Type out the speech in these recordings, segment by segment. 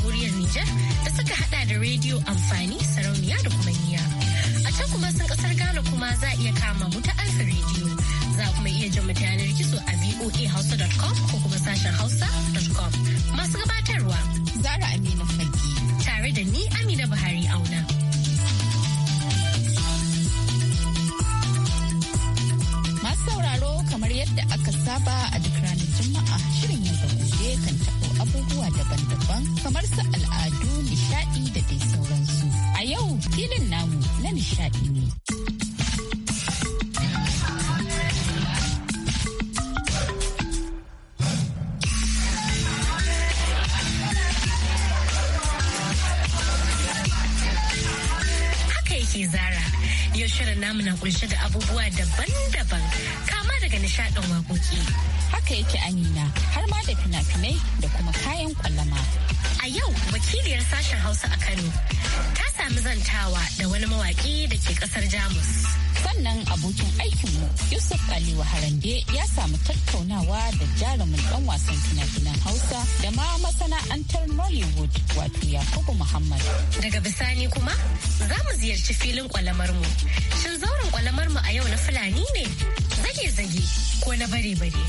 jamhuriyar Nijar da suka hada da rediyo amfani sarauniya da kuma niya. A can kuma sun kasar Ghana kuma za a iya kama mu ta alfa rediyo. Za kuma iya jin mu yanar gizo a voahausa.com ko kuma sashen hausa.com. Masu gabatarwa. Zara amina Fagi. Tare da ni Amina Buhari Auna. masu sauraro kamar yadda aka saba a duk ranar Juma'a shirin yau da gobe kan abubuwa daban-daban kamar su al'adu, nishaɗi da dai sauransu. A yau filin namu na nishaɗi ne. haka yake zara yau shirin namu na kunshe da abubuwa daban-daban daga nishadin waƙoƙi. Haka yake Amina har ma da fina-finai da kuma kayan kwallama. A yau wakiliyar sashen Hausa a Kano ta sami zantawa da wani mawaƙi da ke ƙasar Jamus. sannan abokin aikinmu yusuf Ali Waharande ya samu tattaunawa da jarumin dan wasan fina hausa da ma masana'antar nollywood wato yakubu muhammad daga bisani kuma za mu ziyarci filin mu shin zauren kwalamarmu a yau na fulani ne zage-zage ko na bare-bare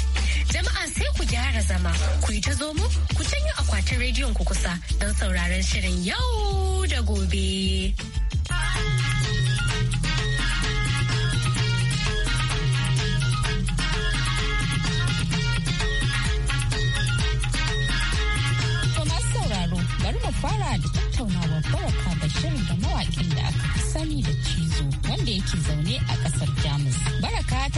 jama'a sai ku gyara zama ku yi ta zo mu ku canyo akwatin rediyon ku kusa don sauraron shirin yau da gobe. fara da tattaunawar baraka bashir da mawakin da aka sani da cizo wanda yake zaune a ƙasar jamus baraka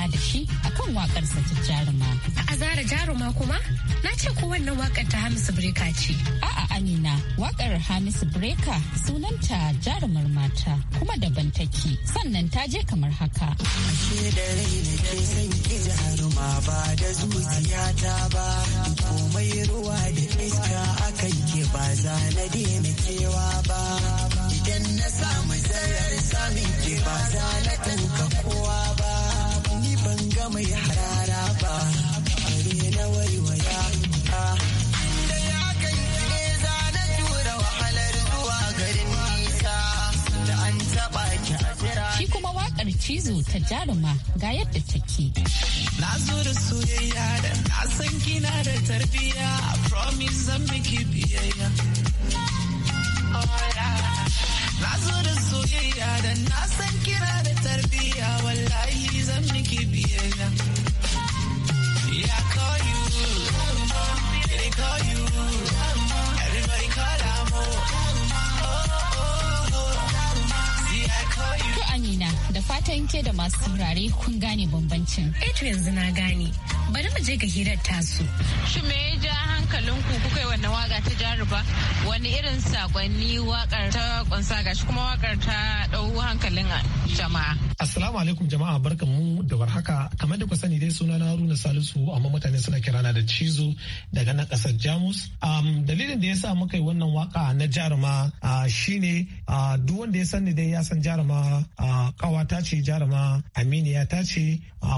tattauna da shi akan wakarsa ta jaruma. A azara jaruma kuma na ce ko wannan wakar ta Hamisu Breka ce. A'a Amina wakar Hamisu Breka sunanta jarumar mata kuma daban take sannan ta je kamar haka. Ashe da rai da ke san ki jaruma ba da zuciyata ba komai ruwa da iska akan ke ba za na daina kewa ba. Idan na samu zayar samun ke ba za na tanka ko ga mai harara ba bare na waiwaya ki kuma wakar cizo ta jaruma ga yadda take na zo da soyayya da na san kina da tarbiyya A promise zan miki biyayya Na zo da soyayya da na san kina da tarbiyya wallahi Amina da fatan ke da masu saurare kun gane bambancin. Eto yanzu na gane. bari mu je ga hirar tasu. Shi me ya ja hankalinku kuka yi wannan waka ta jaruba wani irin sakonni wakar ta kunsa gashi kuma wakar ta dau hankalin jama'a. Assalamu alaikum jama'a barkan da warhaka kamar da ku sani dai suna na Haruna Salisu amma mutane suna kirana da cizo daga nan kasar Jamus. Um, dalilin da ya sa muka yi wannan waka na jaruma uh, shine uh, duk wanda ya sani dai ya san jaruma uh, kawata ce jaruma aminiya ta ce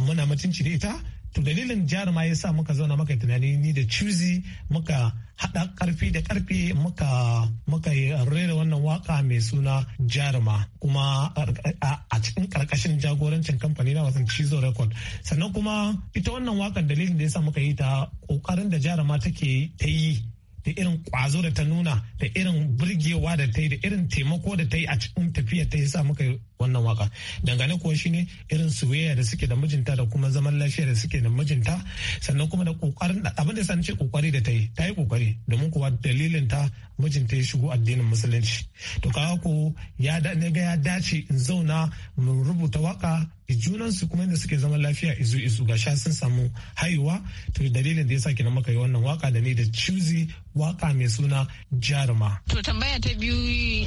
muna mutunci da ita to dalilin jaruma ya sa muka zauna muka tunani ni da cuzi muka haɗa ƙarfi da ƙarfi muka muka rera wannan waka mai suna jaruma kuma a cikin ƙarƙashin jagorancin kamfani na wasan cizo record sannan kuma ita wannan wakan dalilin da ya sa muka yi ta ƙoƙarin da jaruma take ta yi da irin ƙwazo da ta nuna da irin burgewa da ta yi da irin taimako da ta yi a cikin tafiya ta sa muka wannan waka dangane kuwa shine irin soyayya da suke da mijinta da kuma zaman lafiya da suke da mijinta sannan kuma da kokarin abin da sanin ce kokari da ta yi ta yi kokari domin kuwa dalilin ta mijinta ya shigo addinin musulunci to ka ko ya da ne ga ya dace in zauna mu rubuta waka junansu kuma inda suke zaman lafiya izu izu ga sha sun samu haihuwa to dalilin da ya sa kenan muka yi wannan waka da ni da chuzi waka mai suna jaruma to tambaya ta biyu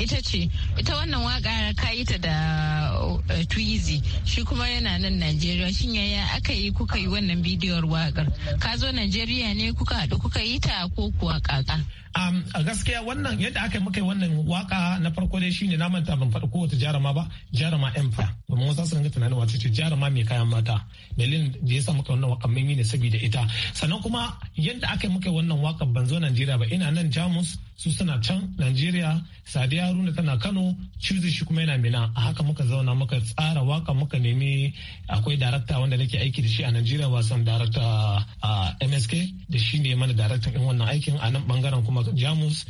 ita ce ita wannan waka ka yi ta da Uh, twizy shi kuma yana nan najeriya shin yaya aka yi kuka yi wannan bidiyon wakar ka zo najeriya ne kuka haɗu kuka yi ta ko kuwa kaka um, a gaskiya wannan yadda aka muka yi wannan waka na farko dai shine na manta ban faɗi kowace jarama ba jarama empire domin wasu su ringa tunanin wace ce jaruma mai kayan mata dalilin da ya sa muka wannan wakan ne saboda ita sannan kuma yadda aka yi muka wannan wakan ban zo Najeriya ba ina nan Jamus su suna can Najeriya Sadiya Haruna tana Kano Chuzi shi kuma yana Mina a haka muka zauna muka tsara waka muka nemi akwai darakta wanda nake aiki da shi a Najeriya wasan darakta a MSK da shi ne mana daraktan din wannan aikin a nan bangaren kuma Jamus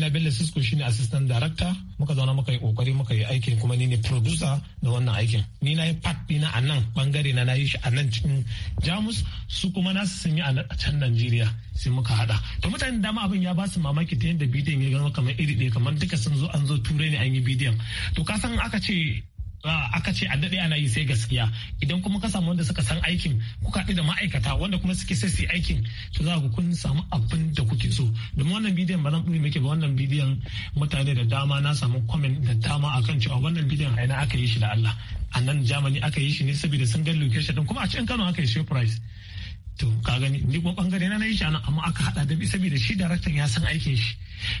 na Bello Sisko shine assistant darakta muka zauna muka yi kokari muka yi aikin kuma ni ne producer da wannan aikin aikin ni na yi pat dina a nan bangare na yi shi a nan cikin jamus su kuma nasu sun yi a can najeriya sai muka hada to mutane dama abin ya ba su mamaki ta yadda bidiyon ya gano kamar iri ɗaya kamar duka sun zo an zo turai ne an yi bidiyon to ka san aka ce Ah, aka ce a daɗe ana yi sai gaskiya idan kuma ka samu wanda suka san aikin kuka da ma'aikata wanda kuma suke sai su aikin to za ku kun samu abin da kuke so domin wannan bidiyon ba zan ɓuri muke ba wannan bidiyon mutane da dama na samu kwamen da dama akan cewa wannan bidiyon aina aka yi shi da Allah a nan Germany aka yi shi ne saboda sun ga location din kuma a cikin Kano aka yi price to ka gani ni kuma bangare na yi shi amma aka hada da saboda shi daraktan ya san aikin shi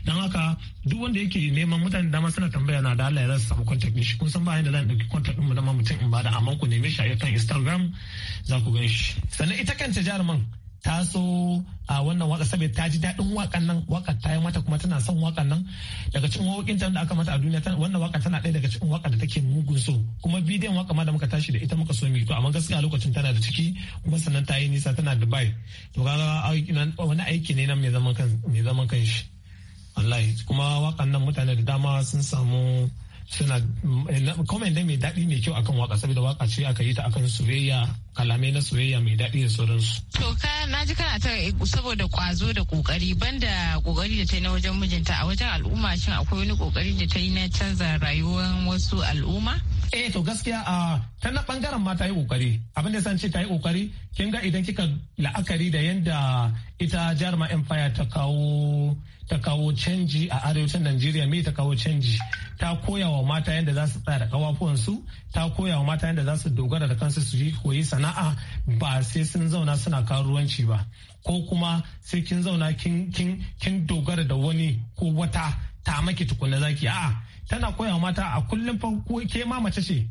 don haka duk wanda yake neman mutane dama suna tambaya na da Allah ya rasa samu contact shi kun san ba da zan dauki contact din mu dama mutum in bada amma ku neme shi a kan Instagram za ku gan shi sannan ita kanta jaruman ta so a wannan waka saboda ta ji daɗin wakan nan waka ta yi mata kuma tana son wakan nan daga cikin wakokin da aka mata a duniya wannan waka tana ɗaya daga cikin waka da take mugun so kuma bidiyon waka ma da muka tashi da ita muka so mi to amma gaskiya lokacin tana da ciki kuma sannan ta yi nisa tana Dubai to ga wani aiki ne nan mai zaman kan mai zaman kan shi wallahi kuma wakan nan mutane da dama sun samu suna kuma eh, dai mai daɗi mai kyau akan waka saboda waka ce aka yi ta akan soyayya kalamai na soyayya mai daɗi da sauransu. To ka na ji kana ta eh, saboda kwazo da kokari banda kokari da ta yi na wajen mijinta a wajen al'umma shin akwai wani kokari da ta yi na canza rayuwar wasu al'umma? eh to gaskiya a ta na bangaren ma ta yi kokari abin da san ce ta yi kokari kin ga idan kika la'akari da yadda ita jarma empire ta kawo ta kawo canji a arewacin Najeriya me ta kawo canji ta koyawa wa mata yadda za su tsaya da su, ta koya mata yadda za su dogara da kansu su koyi sana'a ba sai sun zauna suna karuwanci ba ko kuma sai kin zauna kin dogara da wani ko wata ta maki tukunna zaki a'a tana koya mata a kullum fa ke ma mace ce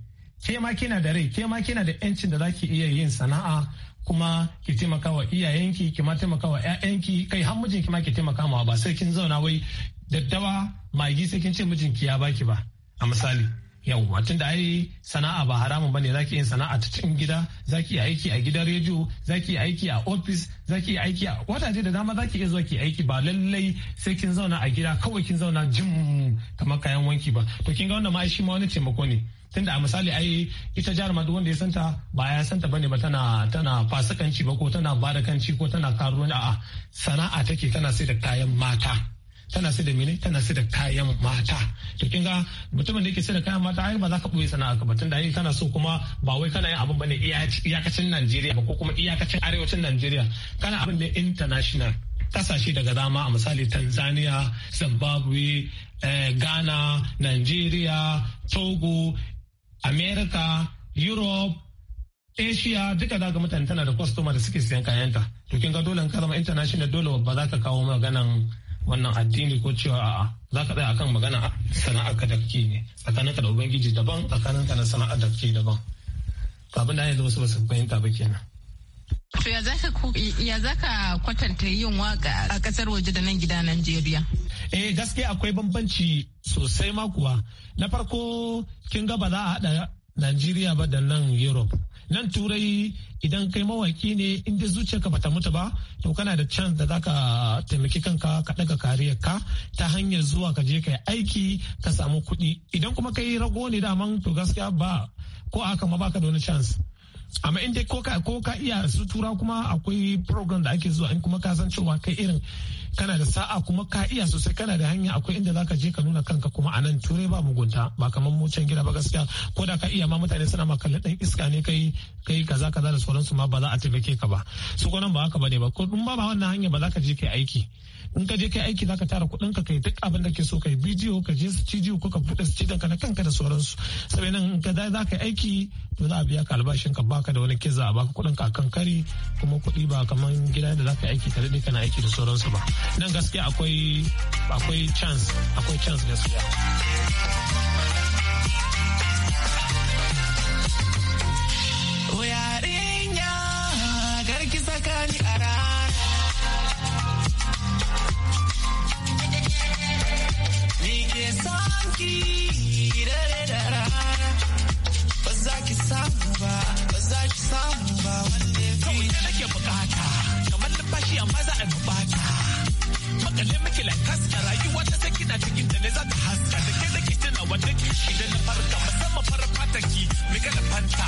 ke ma kina da rai ke ma kina da yancin da zaki iya yin sana'a kuma ki taimaka wa iyayenki ki ma taimaka wa ƴaƴanki kai har mijinki ma ki taimaka ma ba sai kin zauna wai daddawa magi sai kin ce mijinki ya baki ba a misali yawwa da ai sana'a ba haramun bane zaki yin sana'a ta cikin gida zaki yi aiki a gidan rediyo zaki yi aiki a ofis zaki yi aiki a wataje da dama zaki iya zuwa ki aiki ba lallai sai kin zauna a gida kawai kin zauna jim kamar kayan wanki ba to kin ga wannan ma shi ma wani taimako ne tunda a misali ai ita jihar madu wanda ya santa ba ya santa bane ba tana tana fasakanci ba ko tana bada kanci ko tana karuwa a'a sana'a take tana sai da kayan mata tana sai da mene tana sai da kayan mata to kin mutumin da yake sai da kayan mata ai ba za ka buye sana'a ka ba tunda ai kana so kuma ba wai kana yin abin bane iyakacin Najeriya ba ko kuma iyakacin arewacin Najeriya kana abin da international kasashe daga dama a misali Tanzania Zimbabwe eh, Ghana Nigeria Togo America Europe Asia duka daga mutane tana da kwastoma da suke siyan kayanta to kin dole in ka zama international dole ba za ka kawo maganan wannan addini ko cewa a'a za ka tsaya akan magana sana'ar ka da kake ne tsakanin ka da ubangiji daban tsakanin ka da sana'ar da kake daban abin da yanzu wasu ba su fahimta ba kenan to ya ya zaka kwatanta yin waka a kasar waje da nan gida Najeriya eh gaskiya akwai bambanci sosai ma kuwa na farko kin ga ba za a haɗa Najeriya ba da nan Europe nan turai idan kai mawaki ne in dai zuciyarka bata mutu ba to kana da chance da zaka taimaki kanka ka daga kariyar ka ta hanyar zuwa ka je kai aiki ka samu kuɗi idan kuma kai rago ne man to gaskiya ba ko haka ma baka da wani chance amma inda ko ka iya su tura kuma akwai program da ake zuwa in kuma ka san cewa kai irin kana da sa'a kuma ka iya sosai kana da hanya akwai inda zaka je ka nuna kanka kuma anan nan turai ba mugunta ba kamar mu can gida ba gaskiya ko da ka iya ma mutane suna ma kallon dan iska ne kai kai kaza kaza da sauransu ma ba za a taimake ka ba su ko nan ba haka bane ba ko dun ba ba wannan hanya ba za ka je kai aiki in ka je kai aiki zaka tara kuɗin ka kai duk abin da ke so kai bidiyo ka je su jiyo ko ka buɗe ci danka na kanka da sauransu sabai nan in ka dai za ka aiki to za a biya ka albashin ka baka da wani kiza baka kuɗin ka kan kari kuma kuɗi ba kamar gida da za ka aiki ka daɗe kana aiki da sauransu ba. nan gaskiya akwai akwai chance akwai chance gaskiya Yarinya da rana ba za shi samu ba wanda ya fi kawai nake bukata kamar numfashi amma za a bukata makalle miki like haska rayuwa ta saki na cikin ta ne za ta haska da ke nake tuna wanda ke shi da na farka musamman farar fataki mai gada fanta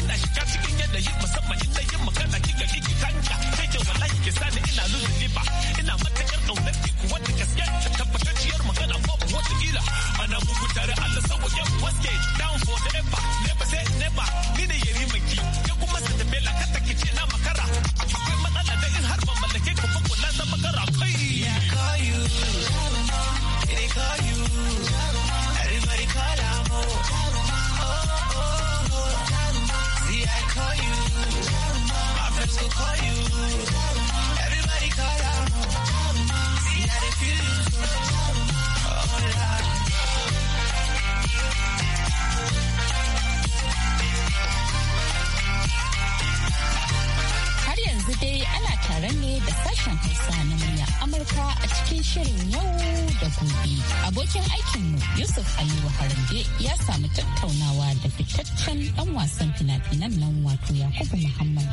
ina shiga cikin yanayin musamman inda yin magana kika kiki kanta sai ke wallahi ke sani ina lulluɓe ba ina matakar ɗaunar ki kuwa da gaske ta tabbatacciyar magana babu wata ila ana bugu tare Allah sabo sauƙaƙe waske down for the ever. harshen Hausa na murya Amurka a cikin shirin yau da gobe. Abokin aikinmu Yusuf Aliyu Harande ya samu tattaunawa da fitaccen ɗan wasan fina-finan nan wato Yakubu Muhammad.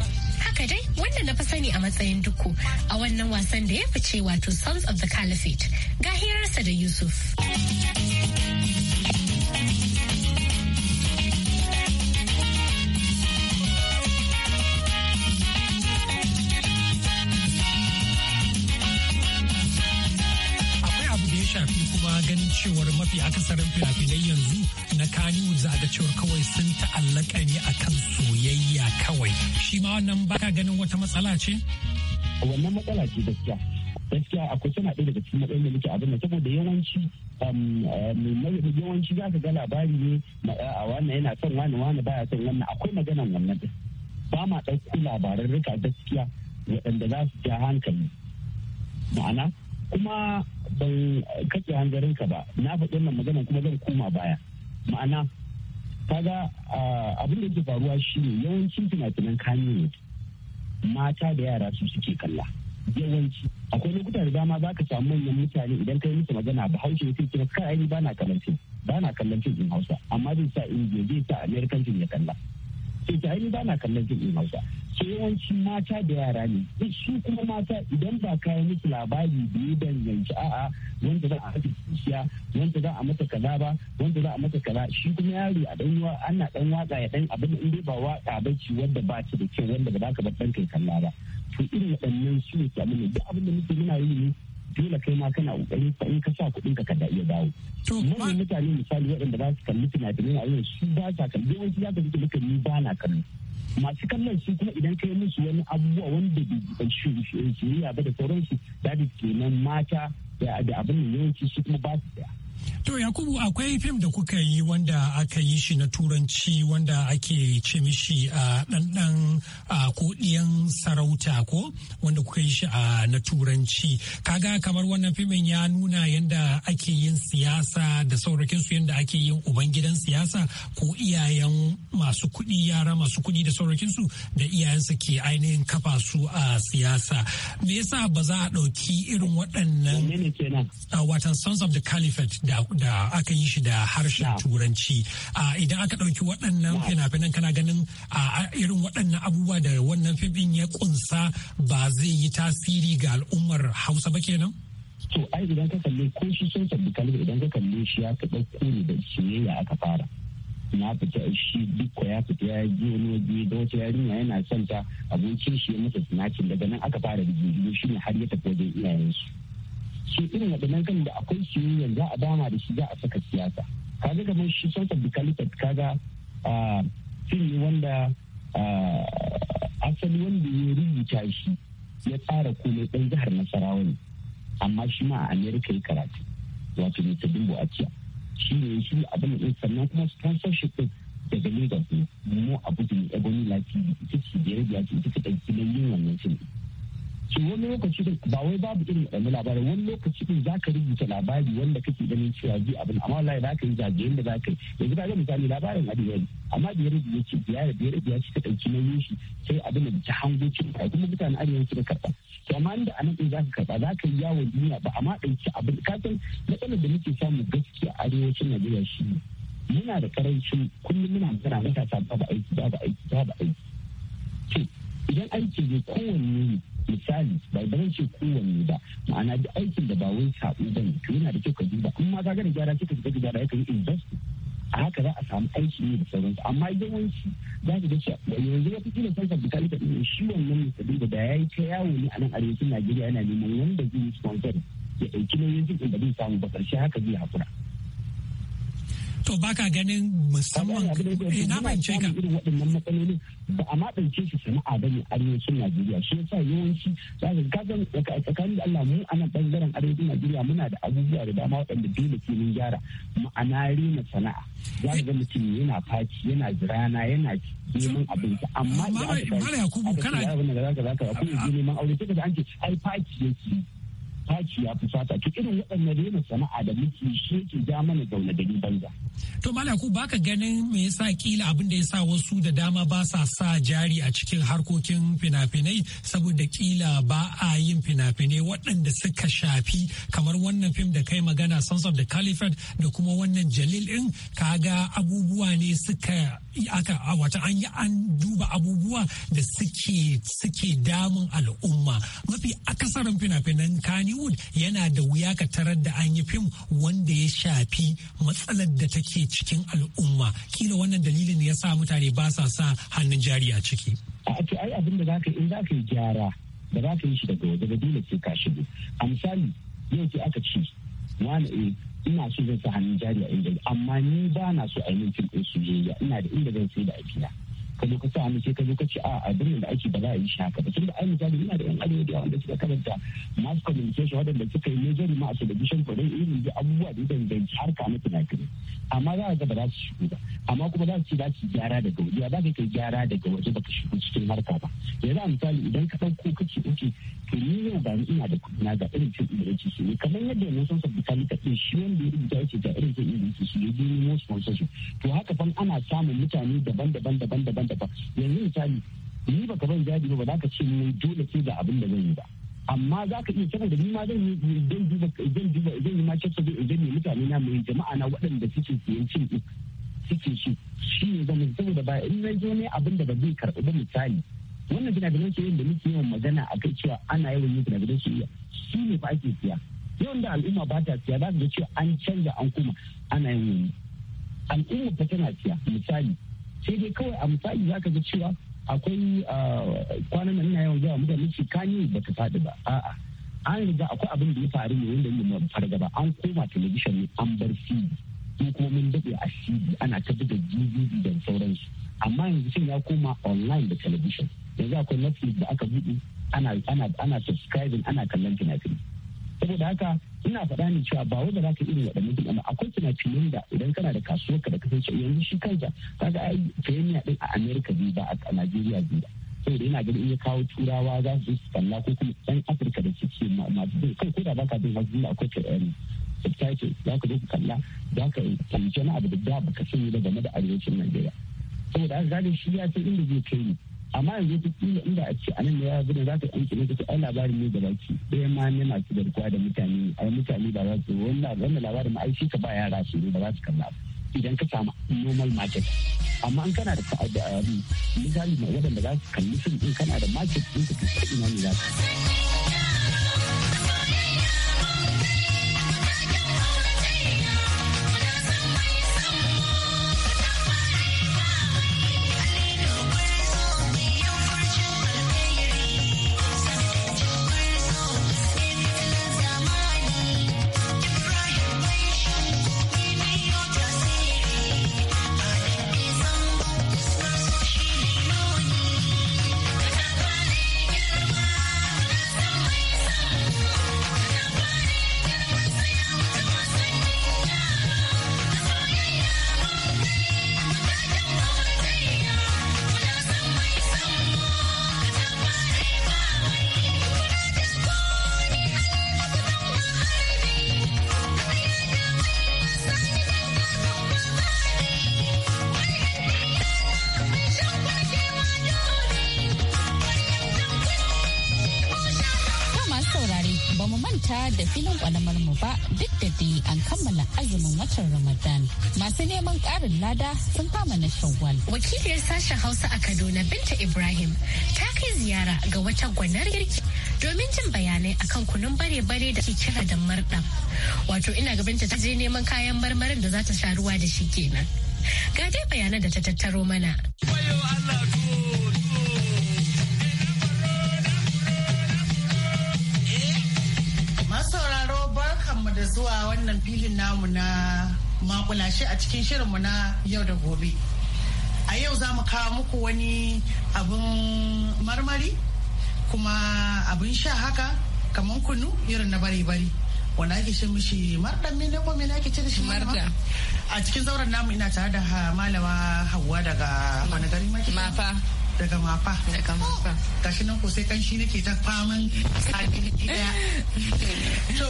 Haka dai wanda na fi sani a matsayin duku a wannan wasan da ya fice wato Sons of the Caliphate. Ga hirarsa da Yusuf. cewar mafi akasarin fina-finai yanzu na kaniwu za ga cewar kawai sun ta'allaka ne kan soyayya kawai shi ma wannan baka ganin wata matsala ce wannan matsala ce gaskiya gaskiya akwai tana ɗaya daga cikin matsayin da muke abin da saboda yawanci um, um, yawanci za ka ga labari ne a ah, ah, wannan yana son wani wani baya son wannan akwai maganan wannan ba ma ɗauko labaran rika gaskiya waɗanda za su ja hankali ma'ana kuma ban kake hanzarin ka ba na faɗi wannan magana kuma zan koma baya ma'ana kaga abin da ke faruwa shi ne yawancin fina-finan kanye mata da yara su suke kalla yawanci akwai lokuta da dama za ka samu manyan mutane idan ka yi musu magana ba haushe ne sai kai ai ba na kallon fim ba na kallon fim din Hausa amma zai sa Indiya zai sa American fim ya kalla sai ta ai ba na kallon fim din Hausa ke yawanci mata da yara ne duk su kuma mata idan ba kayan musu labari da ya danganci a'a wanda za a mata kusiya wanda za a mata kaza ba wanda za a mata kaza shi kuma yaro a dan ana dan waka ya dan abin in dai ba waka ba ce wanda ba ta da kyau wanda ba za ka bar dan kai kalla ba to irin waɗannan su ne ke abin da abin da muke muna yi ne dole kai ma kana kokari ka in ka sa kuɗin ka kada iya dawo. mun mutane misali waɗanda ba su kalli fina-finai a yau su ba sa kalli yawanci za ka ji ba na kallo masu kallon su kuma idan kai musu wani abubuwa wanda bai shirya ba da sauransu da kenan mata da abin da yawanci su kuma ba su daya To Yakubu akwai fim da kuka yi wanda aka yi shi na turanci wanda ake ce mishi a ɗanɗan kodiyan sarauta ko wanda kuka yi shi a na turanci. Kaga kamar wannan fimin ya nuna yadda ake yin siyasa da saurakin yadda ake yin ubangidan siyasa ko iyayen masu kuɗi yara masu kuɗi da saurakin su da iyayensu ke ainihin kafa su a siyasa. Me yasa ba za a ɗauki irin waɗannan watan Sons of the Caliphate da aka yi shi da harshen turanci idan aka ɗauki waɗannan fina-finan kana ganin a irin waɗannan abubuwa da wannan fim ya kunsa ba zai yi tasiri ga al'ummar hausa ba kenan? to ai idan ka kalli ko shi sun sabbi kalli idan ka kalli shi ya ɗauko kone da soyayya aka fara na fita shi dukka ya fita ya je wani waje da wata yarinya yana son ta abokin shi ya masa sinacin daga nan aka fara rigingimu shi ne har ya tafi wajen iyayensu su irin waɗannan kan da akwai su za a dama da shi za a saka siyasa kaga kamar shi sauta da kalifat kaga fim ne wanda asali wanda ya rubuta shi ya tsara komai ɗan jihar nasarawa ne amma shi ma a amerika ya karatu wato ne ta a ciya shi ne shi abin da sannan kuma sponsorship ɗin daga lagos ne mu abu da ebony lafiya ita ce biyar ya ce ita ta ɗauki wannan fim su wani lokaci din ba wai babu irin wani labarai wani lokaci din za ka rubuta labari wanda kake ganin cewa bi abin amma wallahi za ka yi zagayen da za ka yi yanzu ba ga misali labarin adiyar amma biyar da yake biyar biyar biyar suka ɗauki nauyin shi sai abin da ta hango cin ka kuma mutane arewa suka karɓa to amma inda a nan za ka karɓa za ka yi yawon duniya ba amma ɗauki abin ka san matsalar da muke samu gaskiya arewacin najeriya shi ne muna da karancin kullum muna magana matasa babu aiki babu aiki babu aiki idan aiki ne kowanne ne misali ba zan ce kowanne ba ma'ana duk aikin da ba wai sabu ba ne to yana da kyau ka duba in ma ka da gyara kika shiga da gyara yi invest a haka za a samu aiki ne da sauransu amma yawanci za ka ga yanzu wata kila sai sabbi ka lika shi wannan musulmi da da yayi ta yawo ne a nan arewacin Najeriya yana neman wanda zai yi sponsor ya ɗauki nauyin jin da zai samu ba ƙarshe haka zai hakura to baka ganin musamman eh na ce ka irin waɗannan matsalolin ba a ma ɗauke su sana'a ba ne arewacin Najeriya shi yasa yawanci za ka gazan tsakanin Allah mu a bangaren arewacin Najeriya muna da abubuwa da dama waɗanda dole ke mun gyara ma'ana rena sana'a za ga mutum yana faci yana jirana yana neman abinci amma da kana ya shi kana da kana ya akwai kana ya sai kana an ce ai faci yake faci ya fi sata to irin waɗannan rena sana'a da muke shi ke ja mana zaune gari banza. To ku baka ganin me yasa kila abin da ya sa wasu da dama ba sa sa jari a cikin harkokin fina-finai saboda kila ba a yin fina-finai waɗanda suka shafi kamar wannan fim da kai magana Sons of the Caliphate da kuma wannan Jalil ɗin kaga abubuwa ne suka aka wata an yi an duba abubuwa da suke suke damun al'umma mafi akasarin fina-finan kani Hollywood yana da wuya ka tarar da an yi fim wanda ya shafi matsalar da take cikin al'umma kila wannan dalilin ya sa mutane ba sa sa hannun jari a ciki. A ce ai abin da za ka in za ka yi gyara da za ka yi shi daga waje da dole sai ka shigo. A misali yau ce aka ci wani eh, ina so zan sa hannun jari a inda amma ni ba na so a yi min fim ɗin soyayya ina da inda zan sai da a gida. ka zo ka sa hannu sai ka zo ka ce a abin da ake ba za a yi shi haka ba da ai misali ina da yan arewa da wanda suka karanta mass communication wadanda suka yi major ma a television for dai irin da abubuwa da danganci harka na fina-finai amma za a ga ba za su shigo ba amma kuma za su ce za su gyara daga waje ba za kai gyara daga waje ba ka shigo cikin harka ba yanzu a misali idan ka ɗauko kake uke to ni yau ba ina da kuɗi na ga irin cin yake shi ne kamar yadda yanzu sun sabbi kalita ɗin shi wanda ya rubuta yake ga irin cin yake su ne gini mo sponsorship to haka fan ana samun mutane daban-daban daban-daban ba yanzu misali ni ba ka ban jaji ba za ka ce ni dole sai da abin da zan yi ba amma za ka iya saboda ni ma zan yi ma duba idan duba idan yi market survey idan yi mutane na mai jama'a na waɗanda suke siyan cin din suke shi shi ne zan saboda ba in na zo ne abin da ba zai karɓi ba misali wannan gina-ginan soyayya da muke yawan magana a kai cewa ana yawan yin gina-ginan iya shi ne fa ake siya yawan da al'umma ba ta siya za ka ga cewa an canza an kuma ana yin al'umma fa tana siya misali sai dai kawai a misali za ka ga cewa akwai ah, kwanan nan na yawan zuwa mutane ce kani ba ta faɗi ba a'a an riga akwai abin da ya faru ne wanda mu fargaba ba an koma talabishin ne an bar cd ko kuma mun daɗe a cd ana ta buga dvd da sauransu amma yanzu sai ya koma online da talabishin yanzu akwai netflix da aka buɗe ana ana subscribing ana kallon fina-finai saboda haka ina faɗa ne cewa ba wanda za ka irin waɗannan din amma akwai fina da idan kana da kasuwar ka da kasance yanzu shi ka ga ai fiyanya din a amerika biyu ba a najeriya biyu ba saboda yana ganin in ya kawo turawa za su su kalla ko kuma ɗan afirka da suke masu bin kai ko da baka bin wasu da akwai um, subtitle za ka zo ka kalla za ka fahimci wani abu da ba ka sani ba game da arewacin najeriya saboda haka gane shi ya ce inda zai kai ni amma yanzu ta kila inda a ce anan da ya gudu za ta yanke mata ai labarin ne da baki ɗaya ma ne masu garkuwa da mutane ai mutane ba za su wannan labarin ma ai shi ka ba yara su ne ba za su kalla idan ka samu normal market amma an kana da a da misali ma waɗanda za su kalli sun in kana da market ɗin ka ina ne za su da filin kwalamar mu ba duk da dai an kammala azumin watan Ramadan. Masu neman ƙarin lada sun kama na shawwal. Wakiliyar sashen Hausa a Kaduna Binta Ibrahim ta kai ziyara ga wata gwanar girki domin jin bayanai akan kunun bare-bare da ke kira da marɗa. Wato ina ga Binta ta je neman kayan marmarin da za ta sha ruwa da shi kenan. Ga dai bayanan da ta tattaro mana. makula shi a cikin shirinmu na yau da gobe. A yau za mu kawo muku wani abin marmari kuma abin sha haka kamar kunu irin na bare-bare. wani ake shi mishi mardan mene ko mene ake ce shi mardan a cikin zauren namu ina tare da malama hawa daga wani gari mafa daga mafa daga mafa shi nan ko sai ne ke ta faman sabi daya to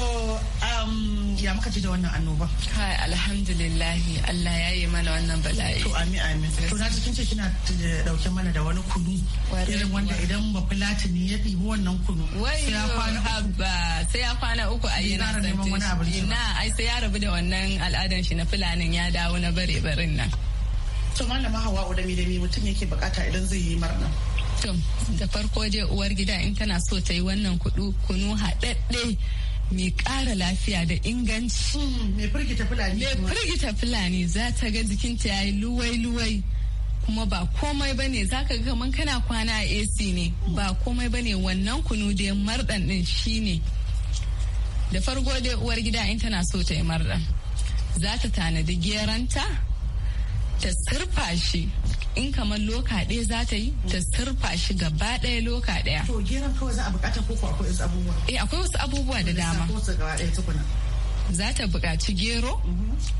um ya maka ji da wannan annoba kai alhamdulillah Allah ya yi mana wannan bala'i to amin amin to na cikin ce kina eh, dauke mana da wani kunu irin wanda idan ba ne ya ɗibi wannan kunu sai ya kwana uku sai ya kwana uku a yana santin na ai sai ya rabu da wannan al'adan shi na fulanin ya dawo na bare barin nan to malama hawa da me mutum yake bukata idan zai yi marna to da farko dai uwar gida in tana so ta yi wannan kudu kunu haɗaɗɗe mai ƙara lafiya da inganci mai hmm, firgita fulani mai firgita fulani za ta ga jikinta ya yi luwai-luwai kuma ba komai ba ne za ka ga kamar kana kwana a AC ne ba komai ba ne wannan kunu dai marɗan ɗin shi ne da farko dai uwar gida in tana so ta yi marɗan za ta tanadi geranta ta sirfa shi in kamar loka ɗaya za ta yi ta sirfa shi gaba ɗaya loka ɗaya. To geran kawai za a bukata ko akwai wasu abubuwa? Eh akwai wasu abubuwa da dama. Za ta buƙaci gero,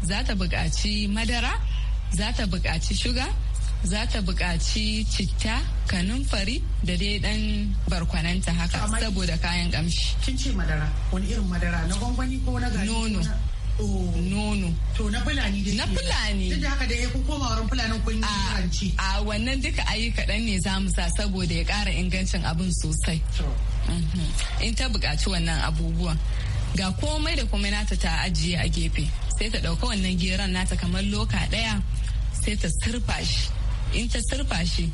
za ta buƙaci madara, za ta buƙaci shuga, za ta buƙaci citta Kanunfari da dai dan barkwananta haka saboda kayan kamshi. Kin ce madara wani irin madara na gwangwani ko na gari? Nono nono oh, to na fulani da na fulani duk da haka da ya koma wurin fulanin kun yi ranci a wannan duka ayi kaɗan ne za mu sa saboda ya ƙara ingancin abin sosai mhm. in ta buƙaci wannan abubuwan ga komai da komai nata ta ajiye a gefe sai ta ɗauka wannan geron nata kamar loka ɗaya sai ta sirfa shi in ta sirfa shi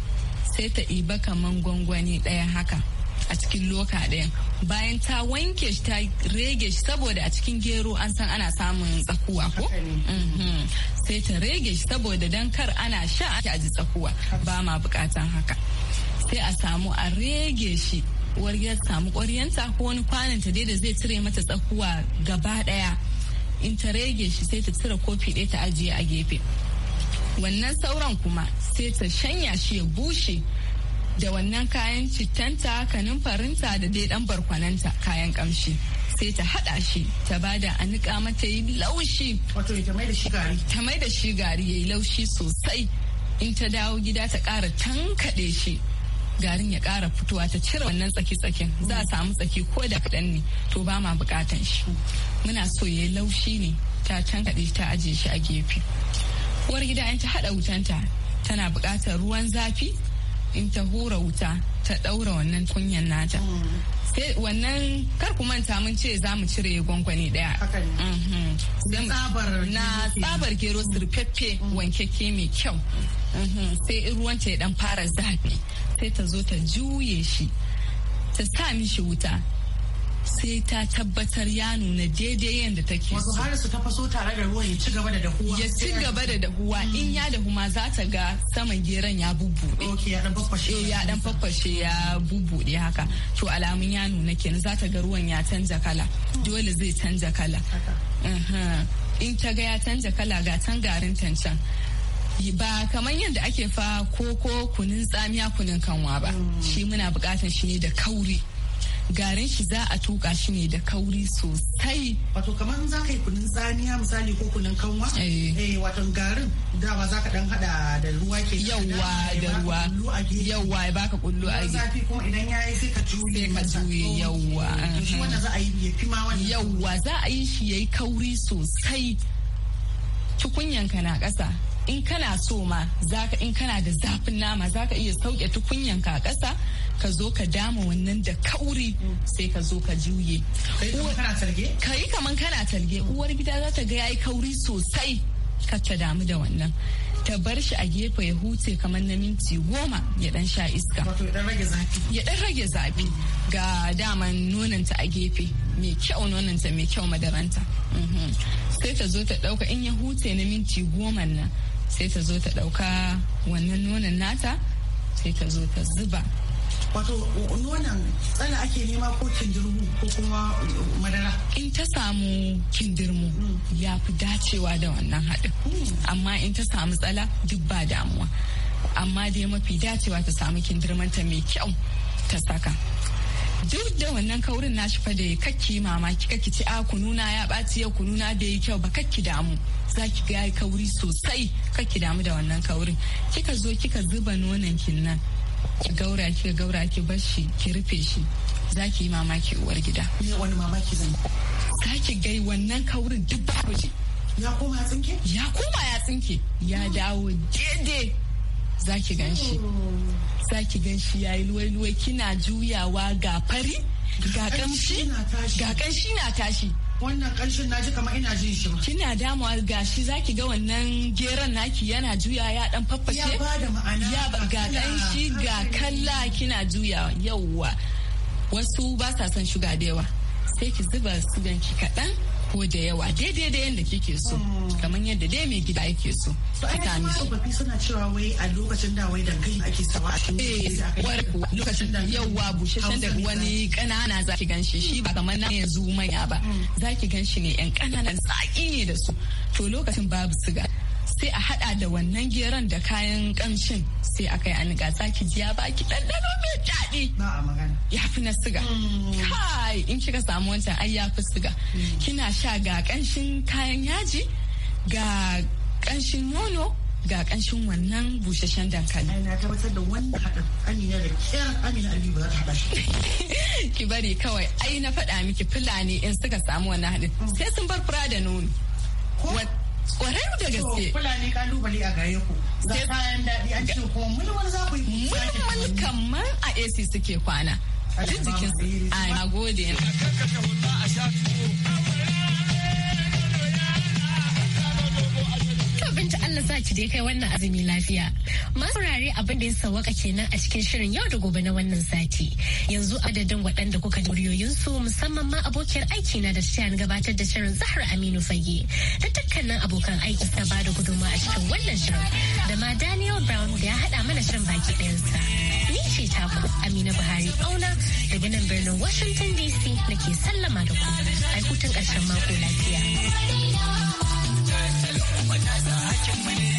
sai ta iba kamar gwangwani ɗaya haka a cikin loka ɗaya bayan ta wanke shi ta rege shi saboda a cikin gero an san ana samun tsakuwa ko mhm. sai ta rege shi saboda dan kar ana sha a ji tsakuwa ba ma bukatan haka sai a samu a rege shi wari samu ƙwaryanta ko wani kwanan ta da zai cire mata tsakuwa gaba ɗaya in ta rege shi sai ta cire kofi ɗaya ta ajiye a gefe wannan sauran kuma sai ta shanya shi ya bushe da wannan kayan cittanta kanunfarinta da dai dan barkwananta kayan kamshi sai ta hada shi ta bada a niƙa mata yi laushi wato ta mai da shi gari ta mai da shi gari yayi laushi sosai in ta dawo gida ta ƙara tankaɗe shi garin ya ƙara fitowa ta cire wannan tsaki-tsakin za a samu tsaki ko da kaɗan ne to ba ma buƙatan shi muna so yayi laushi ne ta tankaɗe ta ajiye shi a gefe uwar gida in ta haɗa wutanta tana buƙatar ruwan zafi in ta hura wuta ta ɗaura wannan kunyan nata sai wannan kar ku manta mun ce za mu cire gwangwani ɗaya. Mhm. na tsabar gero sirfaffe mhm. wankeke mai kyau mhm. sai ruwan ta ya dan fara zafi sai ta zo ta juye shi ta sa mishi wuta sai ta tabbatar ya nuna daidai yadda take so. Wasu har su tare da ruwan ya ci gaba da dahuwa. Ya ci gaba da dahuwa hmm. in ya dahu ma za ta ga saman geron ya bubbuɗe. Ok ya dan fafashe. Eh, ya dan fafashe ya bubbuɗe haka. To alamun ya nuna kenan za ta ga ruwan ya canza kala. Hmm. Dole zai canza kala. In ta ga ya canza kala ga can garin tancan. ba kamar yadda ake fa ko kunun tsamiya kunun kanwa ba hmm. shi muna bukatan shi ne da kauri garin shi za a tuka shi ne da kauri sosai wato kamar za ka yi kunun tsamiya misali ko kunun kanwa eh, eh wato garin dama za ka dan hada da ruwa ke yawa da ruwa yawa ya baka kullu a gefe zafi kuma idan ya yi sai ka juye sai ka juye oh, yawa eh, shi wanda za a yi ya fi ma wannan yawa za a yi shi ya yi kauri sosai tukunyanka na ƙasa in kana so ma in kana da zafin nama za ka iya sauke tukunyanka a ƙasa ka zo ka dama wannan da kauri sai ka zo ka juye ka yi kaman kana talge uwar gida za ta ga yi kauri sosai ka ta damu da wannan ta bar shi a gefe ya huce kamar na minti goma ya dan sha iska ya dan rage zafi ga daman nonanta a gefe mai kyau nonanta mai kyau madaranta mhm. sai ta zo ta dauka in ya huce na minti goma nan sai ta zo ta dauka wannan nonan nata sai ta zo ta zuba wato nonon tsana ake nema ko kindirmu ko kuma madara in ta samu kindirmu ya fi dacewa da wannan haɗin hmm. amma in ta samu tsala duk ba damuwa amma dai mafi dacewa ta samu kindirmanta mai kyau ta saka duk da wannan kaurin na fa da kakki mamaki kakki ci a ah, kununa ya ɓaci yau kununa da yi kyau ba kakki damu za ki ga kauri sosai kakki damu da wannan kaurin kika zo kika zuba nonon kin nan ki gaura ki gaura ki bashi ki rufe shi za ki yi mamaki uwar gida. wani mamaki zan Za ki gai wannan kaurin duk babu kuje. Ya koma ya tsinke? Ya koma ya tsinke. Ya hmm. dawo dede. Za ki gan shi. Hmm. Za ki gan shi ya yi luwai-luwai kina juyawa ga fari. Ga kamshi na tashi. wannan na naji kamar ina jin shi ma kina damuwa gashi zaki ga wannan geran naki yana juya ya dan faffashe ya bada ma'ana ya ga shi ga kalla kina juya yawwa wasu ba sa son shuga da yawa sai ki zuba sugan ki kaɗan ko da yawa daidai da yadda kike so kamar yadda dai mai gida yake so aka mi tsofaffi suna cewa wai a lokacin da wai dankali ake sawa a cikin eh, lokacin da yawa bushashen da wani kanana za ki ganshi shi ba kamar na yanzu manya ba mm. za ki ganshi ne yan kananan tsaki ne da su to lokacin babu siga sai a hada da wannan geron da kayan kamshin sai a kai a niga zaki ji ya baki ɗanɗano mai daɗi. Ya fi na siga. Mm. Kai in kika samu wancan ai ya fi siga. Mm. Kina sha ga kamshin kayan yaji ga kamshin nono ga kamshin wannan busasshen dankali. Ai na tabbatar da wannan haɗin Amina da kyar Amina Aliyu ba za ta Ki bari kawai ai na faɗa miki Fulani in suka samu wannan haɗin mm. sai sun bar fura da nono. kwarar da gaske. Fulani kalubale a gare ku. Ga kayan daɗi an ce kuma mulmul za ku yi. Mulmul kamar a AC suke kwana. Duk jikinsu. A gode. Allah sa ki je kai wannan azumi lafiya. Masu rare abin da ya sawaka kenan a cikin shirin yau da gobe na wannan sati. Yanzu adadin waɗanda kuka su musamman ma abokiyar aiki na da shirin gabatar da shirin Zahra Aminu Fage. Da dukkanin abokan aiki ta bada gudunmawa a cikin wannan shirin. Da ma Daniel Brown da ya haɗa mana shirin baki ɗayansa. Ni ce ta ku Amina Buhari Auna daga nan birnin Washington DC nake sallama da ku. Aikutan ƙarshen mako lafiya. Thank you